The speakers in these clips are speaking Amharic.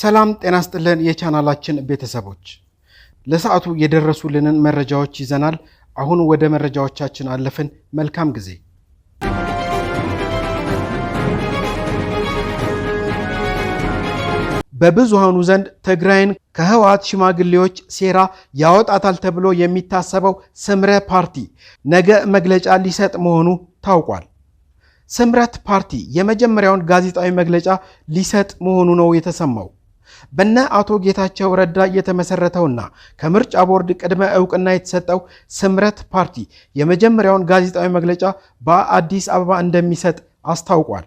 ሰላም ጤና ስጥልን የቻናላችን ቤተሰቦች፣ ለሰዓቱ የደረሱልንን መረጃዎች ይዘናል። አሁን ወደ መረጃዎቻችን አለፍን። መልካም ጊዜ። በብዙሃኑ ዘንድ ትግራይን ከህወሓት ሽማግሌዎች ሴራ ያወጣታል ተብሎ የሚታሰበው ስምረ ፓርቲ ነገ መግለጫ ሊሰጥ መሆኑ ታውቋል። ስምረት ፓርቲ የመጀመሪያውን ጋዜጣዊ መግለጫ ሊሰጥ መሆኑ ነው የተሰማው። በነ አቶ ጌታቸው ረዳ የተመሰረተውና ከምርጫ ቦርድ ቅድመ እውቅና የተሰጠው ስምረት ፓርቲ የመጀመሪያውን ጋዜጣዊ መግለጫ በአዲስ አበባ እንደሚሰጥ አስታውቋል።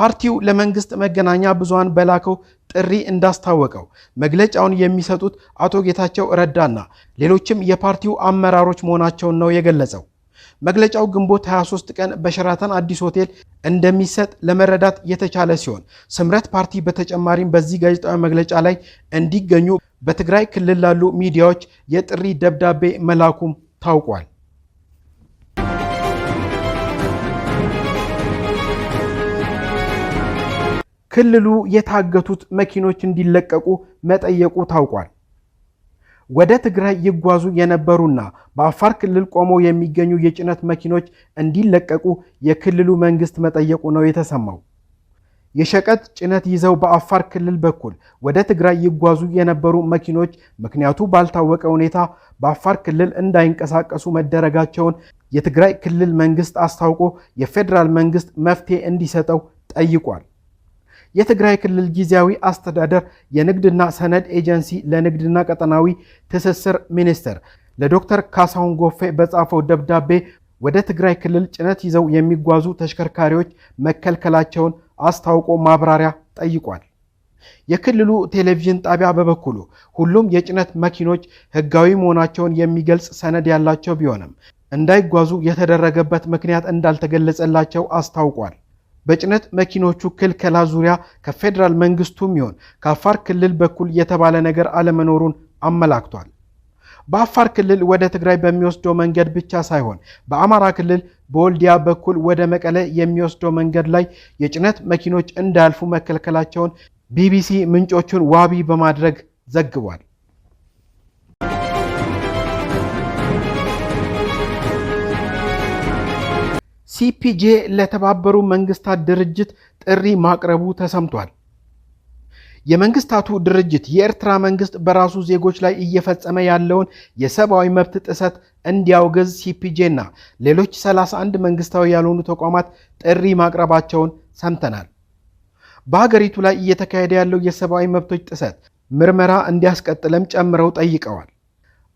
ፓርቲው ለመንግስት መገናኛ ብዙሃን በላከው ጥሪ እንዳስታወቀው መግለጫውን የሚሰጡት አቶ ጌታቸው ረዳና ሌሎችም የፓርቲው አመራሮች መሆናቸውን ነው የገለጸው። መግለጫው ግንቦት 23 ቀን በሸራተን አዲስ ሆቴል እንደሚሰጥ ለመረዳት የተቻለ ሲሆን ስምረት ፓርቲ በተጨማሪም በዚህ ጋዜጣዊ መግለጫ ላይ እንዲገኙ በትግራይ ክልል ላሉ ሚዲያዎች የጥሪ ደብዳቤ መላኩም ታውቋል። ክልሉ የታገቱት መኪኖች እንዲለቀቁ መጠየቁ ታውቋል። ወደ ትግራይ ይጓዙ የነበሩና በአፋር ክልል ቆመው የሚገኙ የጭነት መኪኖች እንዲለቀቁ የክልሉ መንግስት መጠየቁ ነው የተሰማው። የሸቀጥ ጭነት ይዘው በአፋር ክልል በኩል ወደ ትግራይ ይጓዙ የነበሩ መኪኖች ምክንያቱ ባልታወቀ ሁኔታ በአፋር ክልል እንዳይንቀሳቀሱ መደረጋቸውን የትግራይ ክልል መንግስት አስታውቆ የፌዴራል መንግስት መፍትሄ እንዲሰጠው ጠይቋል። የትግራይ ክልል ጊዜያዊ አስተዳደር የንግድና ሰነድ ኤጀንሲ ለንግድና ቀጠናዊ ትስስር ሚኒስትር ለዶክተር ካሳሁን ጎፌ በጻፈው ደብዳቤ ወደ ትግራይ ክልል ጭነት ይዘው የሚጓዙ ተሽከርካሪዎች መከልከላቸውን አስታውቆ ማብራሪያ ጠይቋል። የክልሉ ቴሌቪዥን ጣቢያ በበኩሉ ሁሉም የጭነት መኪኖች ሕጋዊ መሆናቸውን የሚገልጽ ሰነድ ያላቸው ቢሆንም እንዳይጓዙ የተደረገበት ምክንያት እንዳልተገለጸላቸው አስታውቋል። በጭነት መኪኖቹ ክልከላ ዙሪያ ከፌዴራል መንግስቱም ይሆን ከአፋር ክልል በኩል የተባለ ነገር አለመኖሩን አመላክቷል። በአፋር ክልል ወደ ትግራይ በሚወስደው መንገድ ብቻ ሳይሆን በአማራ ክልል በወልዲያ በኩል ወደ መቀለ የሚወስደው መንገድ ላይ የጭነት መኪኖች እንዳያልፉ መከልከላቸውን ቢቢሲ ምንጮቹን ዋቢ በማድረግ ዘግቧል። ሲፒጄ ለተባበሩ መንግስታት ድርጅት ጥሪ ማቅረቡ ተሰምቷል። የመንግስታቱ ድርጅት የኤርትራ መንግስት በራሱ ዜጎች ላይ እየፈጸመ ያለውን የሰብአዊ መብት ጥሰት እንዲያውገዝ ሲፒጄ እና ሌሎች 31 መንግስታዊ ያልሆኑ ተቋማት ጥሪ ማቅረባቸውን ሰምተናል። በሀገሪቱ ላይ እየተካሄደ ያለው የሰብአዊ መብቶች ጥሰት ምርመራ እንዲያስቀጥለም ጨምረው ጠይቀዋል።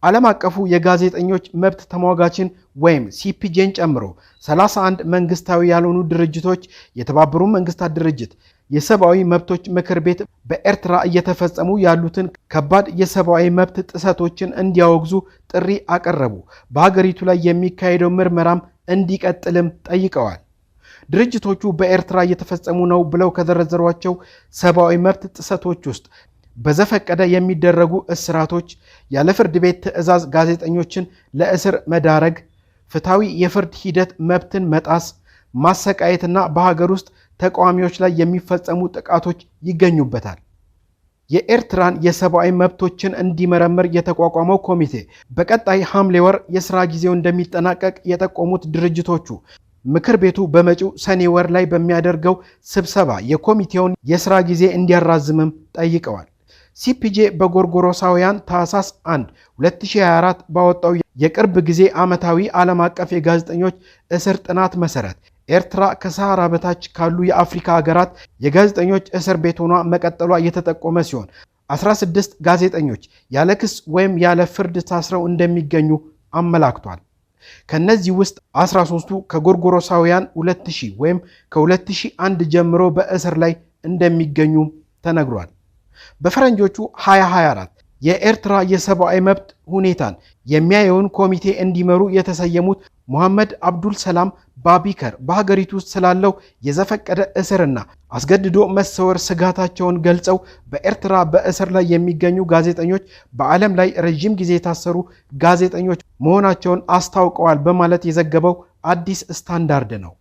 ዓለም አቀፉ የጋዜጠኞች መብት ተሟጋችን ወይም ሲፒጄን ጨምሮ 31 መንግስታዊ ያልሆኑ ድርጅቶች የተባበሩ መንግስታት ድርጅት የሰብአዊ መብቶች ምክር ቤት በኤርትራ እየተፈጸሙ ያሉትን ከባድ የሰብአዊ መብት ጥሰቶችን እንዲያወግዙ ጥሪ አቀረቡ። በሀገሪቱ ላይ የሚካሄደው ምርመራም እንዲቀጥልም ጠይቀዋል። ድርጅቶቹ በኤርትራ እየተፈጸሙ ነው ብለው ከዘረዘሯቸው ሰብአዊ መብት ጥሰቶች ውስጥ በዘፈቀደ የሚደረጉ እስራቶች፣ ያለ ፍርድ ቤት ትዕዛዝ ጋዜጠኞችን ለእስር መዳረግ፣ ፍትሐዊ የፍርድ ሂደት መብትን መጣስ፣ ማሰቃየትና በሀገር ውስጥ ተቃዋሚዎች ላይ የሚፈጸሙ ጥቃቶች ይገኙበታል። የኤርትራን የሰብአዊ መብቶችን እንዲመረምር የተቋቋመው ኮሚቴ በቀጣይ ሐምሌ ወር የሥራ ጊዜው እንደሚጠናቀቅ የጠቆሙት ድርጅቶቹ ምክር ቤቱ በመጪው ሰኔ ወር ላይ በሚያደርገው ስብሰባ የኮሚቴውን የሥራ ጊዜ እንዲያራዝምም ጠይቀዋል። ሲፒጄ በጎርጎሮሳውያን ታህሳስ 1 2024 ባወጣው የቅርብ ጊዜ ዓመታዊ ዓለም አቀፍ የጋዜጠኞች እስር ጥናት መሠረት ኤርትራ ከሰሃራ በታች ካሉ የአፍሪካ ሀገራት የጋዜጠኞች እስር ቤት ሆኗ መቀጠሏ እየተጠቆመ ሲሆን 16 ጋዜጠኞች ያለ ክስ ወይም ያለ ፍርድ ታስረው እንደሚገኙ አመላክቷል። ከነዚህ ውስጥ 13ቱ ከጎርጎሮሳውያን 2000 ወይም ከ2001 ጀምሮ በእስር ላይ እንደሚገኙ ተነግሯል። በፈረንጆቹ 2024 የኤርትራ የሰብአዊ መብት ሁኔታን የሚያየውን ኮሚቴ እንዲመሩ የተሰየሙት ሙሐመድ አብዱል ሰላም ባቢከር በሀገሪቱ ውስጥ ስላለው የዘፈቀደ እስርና አስገድዶ መሰወር ስጋታቸውን ገልጸው በኤርትራ በእስር ላይ የሚገኙ ጋዜጠኞች በዓለም ላይ ረዥም ጊዜ የታሰሩ ጋዜጠኞች መሆናቸውን አስታውቀዋል በማለት የዘገበው አዲስ ስታንዳርድ ነው።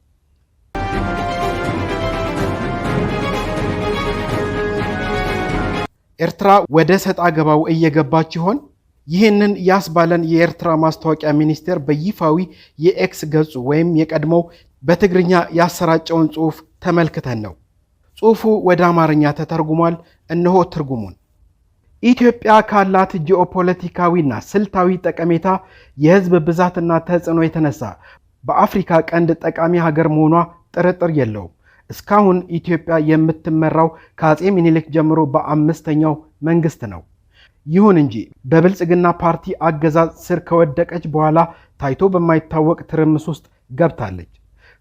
ኤርትራ ወደ ሰጣ ገባው እየገባች ይሆን? ይህንን ያስባለን የኤርትራ ማስታወቂያ ሚኒስቴር በይፋዊ የኤክስ ገጹ ወይም የቀድሞው በትግርኛ ያሰራጨውን ጽሑፍ ተመልክተን ነው። ጽሑፉ ወደ አማርኛ ተተርጉሟል። እነሆ ትርጉሙን። ኢትዮጵያ ካላት ጂኦፖለቲካዊና ስልታዊ ጠቀሜታ፣ የሕዝብ ብዛትና ተጽዕኖ የተነሳ በአፍሪካ ቀንድ ጠቃሚ ሀገር መሆኗ ጥርጥር የለውም። እስካሁን ኢትዮጵያ የምትመራው ከአጼ ሚኒሊክ ጀምሮ በአምስተኛው መንግስት ነው። ይሁን እንጂ በብልጽግና ፓርቲ አገዛዝ ስር ከወደቀች በኋላ ታይቶ በማይታወቅ ትርምስ ውስጥ ገብታለች።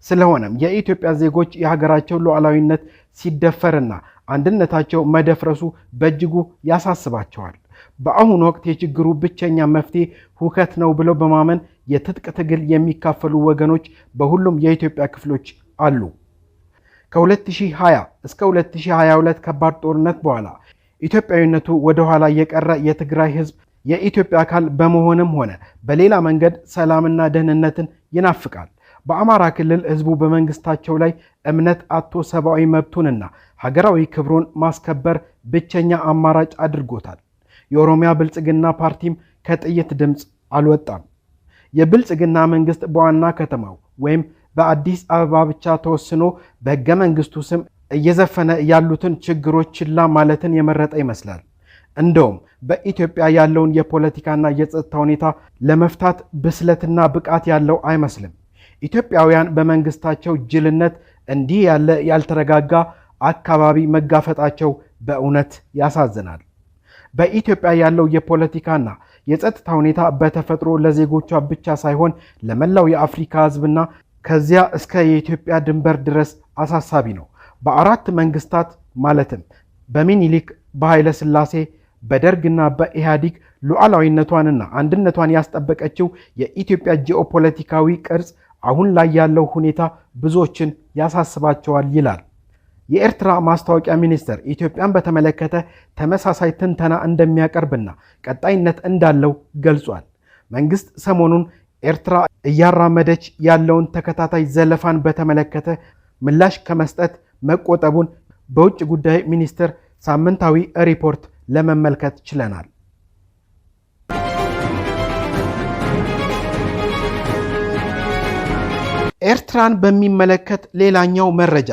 ስለሆነም የኢትዮጵያ ዜጎች የሀገራቸው ሉዓላዊነት ሲደፈርና አንድነታቸው መደፍረሱ በእጅጉ ያሳስባቸዋል። በአሁኑ ወቅት የችግሩ ብቸኛ መፍትሄ ሁከት ነው ብለው በማመን የትጥቅ ትግል የሚካፈሉ ወገኖች በሁሉም የኢትዮጵያ ክፍሎች አሉ። ከ2020 እስከ 2022 ከባድ ጦርነት በኋላ ኢትዮጵያዊነቱ ወደ ኋላ የቀረ የትግራይ ህዝብ የኢትዮጵያ አካል በመሆንም ሆነ በሌላ መንገድ ሰላምና ደህንነትን ይናፍቃል። በአማራ ክልል ህዝቡ በመንግስታቸው ላይ እምነት አጥቶ ሰብአዊ መብቱንና ሀገራዊ ክብሩን ማስከበር ብቸኛ አማራጭ አድርጎታል። የኦሮሚያ ብልጽግና ፓርቲም ከጥይት ድምፅ አልወጣም። የብልጽግና መንግስት በዋና ከተማው ወይም በአዲስ አበባ ብቻ ተወስኖ በህገ መንግስቱ ስም እየዘፈነ ያሉትን ችግሮች ችላ ማለትን የመረጠ ይመስላል። እንደውም በኢትዮጵያ ያለውን የፖለቲካና የጸጥታ ሁኔታ ለመፍታት ብስለትና ብቃት ያለው አይመስልም። ኢትዮጵያውያን በመንግስታቸው ጅልነት እንዲህ ያለ ያልተረጋጋ አካባቢ መጋፈጣቸው በእውነት ያሳዝናል። በኢትዮጵያ ያለው የፖለቲካና የጸጥታ ሁኔታ በተፈጥሮ ለዜጎቿ ብቻ ሳይሆን ለመላው የአፍሪካ ህዝብና ከዚያ እስከ የኢትዮጵያ ድንበር ድረስ አሳሳቢ ነው። በአራት መንግስታት ማለትም በሚኒሊክ፣ በኃይለ ስላሴ፣ በደርግና በኢህአዲግ ሉዓላዊነቷንና አንድነቷን ያስጠበቀችው የኢትዮጵያ ጂኦፖለቲካዊ ቅርጽ አሁን ላይ ያለው ሁኔታ ብዙዎችን ያሳስባቸዋል ይላል። የኤርትራ ማስታወቂያ ሚኒስትር ኢትዮጵያን በተመለከተ ተመሳሳይ ትንተና እንደሚያቀርብና ቀጣይነት እንዳለው ገልጿል። መንግስት ሰሞኑን ኤርትራ እያራመደች ያለውን ተከታታይ ዘለፋን በተመለከተ ምላሽ ከመስጠት መቆጠቡን በውጭ ጉዳይ ሚኒስቴር ሳምንታዊ ሪፖርት ለመመልከት ችለናል። ኤርትራን በሚመለከት ሌላኛው መረጃ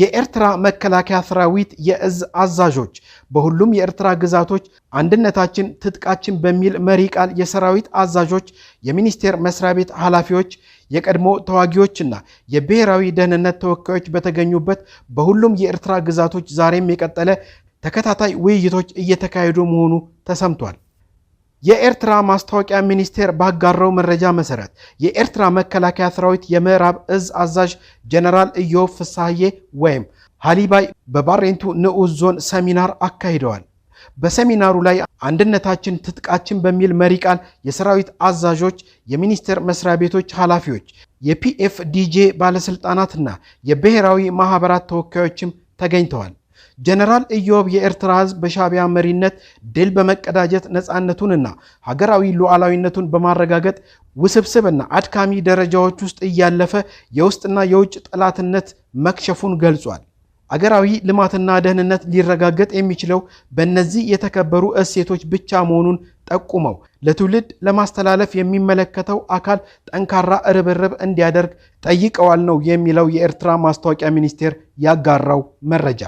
የኤርትራ መከላከያ ሰራዊት የእዝ አዛዦች በሁሉም የኤርትራ ግዛቶች አንድነታችን ትጥቃችን በሚል መሪ ቃል የሰራዊት አዛዦች፣ የሚኒስቴር መስሪያ ቤት ኃላፊዎች፣ የቀድሞ ተዋጊዎችና የብሔራዊ ደህንነት ተወካዮች በተገኙበት በሁሉም የኤርትራ ግዛቶች ዛሬም የቀጠለ ተከታታይ ውይይቶች እየተካሄዱ መሆኑ ተሰምቷል። የኤርትራ ማስታወቂያ ሚኒስቴር ባጋራው መረጃ መሰረት የኤርትራ መከላከያ ሰራዊት የምዕራብ እዝ አዛዥ ጀነራል እዮብ ፍሳሐዬ ወይም ሃሊባይ በባሬንቱ ንዑስ ዞን ሰሚናር አካሂደዋል። በሰሚናሩ ላይ አንድነታችን ትጥቃችን በሚል መሪ ቃል የሰራዊት አዛዦች፣ የሚኒስቴር መስሪያ ቤቶች ኃላፊዎች፣ የፒኤፍዲጄ ባለስልጣናትና የብሔራዊ ማህበራት ተወካዮችም ተገኝተዋል። ጀነራል ኢዮብ የኤርትራ ህዝብ በሻቢያ መሪነት ድል በመቀዳጀት ነፃነቱንና ሀገራዊ ሉዓላዊነቱን በማረጋገጥ ውስብስብና አድካሚ ደረጃዎች ውስጥ እያለፈ የውስጥና የውጭ ጠላትነት መክሸፉን ገልጿል። አገራዊ ልማትና ደህንነት ሊረጋገጥ የሚችለው በእነዚህ የተከበሩ እሴቶች ብቻ መሆኑን ጠቁመው ለትውልድ ለማስተላለፍ የሚመለከተው አካል ጠንካራ እርብርብ እንዲያደርግ ጠይቀዋል ነው የሚለው የኤርትራ ማስታወቂያ ሚኒስቴር ያጋራው መረጃ።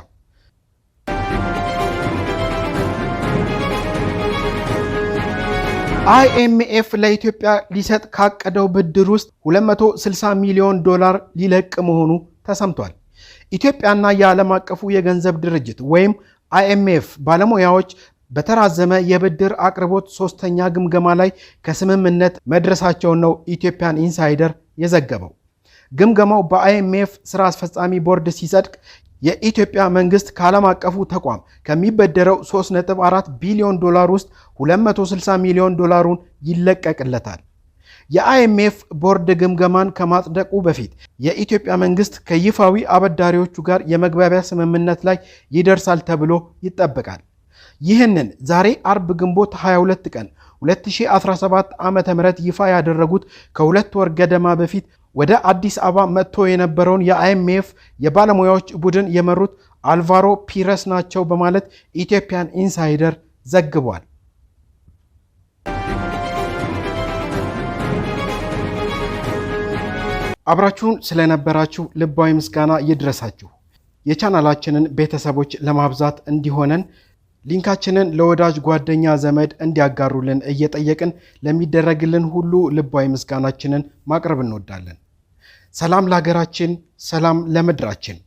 አይኤምኤፍ ለኢትዮጵያ ሊሰጥ ካቀደው ብድር ውስጥ 260 ሚሊዮን ዶላር ሊለቅ መሆኑ ተሰምቷል። ኢትዮጵያና የዓለም አቀፉ የገንዘብ ድርጅት ወይም አይኤምኤፍ ባለሙያዎች በተራዘመ የብድር አቅርቦት ሶስተኛ ግምገማ ላይ ከስምምነት መድረሳቸውን ነው ኢትዮጵያን ኢንሳይደር የዘገበው። ግምገማው በአይኤምኤፍ ስራ አስፈጻሚ ቦርድ ሲጸድቅ የኢትዮጵያ መንግስት ከዓለም አቀፉ ተቋም ከሚበደረው 3.4 ቢሊዮን ዶላር ውስጥ 260 ሚሊዮን ዶላሩን ይለቀቅለታል። የአይኤምኤፍ ቦርድ ግምገማን ከማጽደቁ በፊት የኢትዮጵያ መንግስት ከይፋዊ አበዳሪዎቹ ጋር የመግባቢያ ስምምነት ላይ ይደርሳል ተብሎ ይጠበቃል። ይህንን ዛሬ አርብ ግንቦት 22 ቀን 2017 ዓ.ም ይፋ ያደረጉት ከሁለት ወር ገደማ በፊት ወደ አዲስ አበባ መጥቶ የነበረውን የአይኤምኤፍ የባለሙያዎች ቡድን የመሩት አልቫሮ ፒረስ ናቸው በማለት ኢትዮጵያን ኢንሳይደር ዘግቧል። አብራችሁን ስለነበራችሁ ልባዊ ምስጋና ይድረሳችሁ። የቻናላችንን ቤተሰቦች ለማብዛት እንዲሆነን ሊንካችንን ለወዳጅ ጓደኛ፣ ዘመድ እንዲያጋሩልን እየጠየቅን ለሚደረግልን ሁሉ ልባዊ ምስጋናችንን ማቅረብ እንወዳለን። ሰላም ለሀገራችን፣ ሰላም ለምድራችን።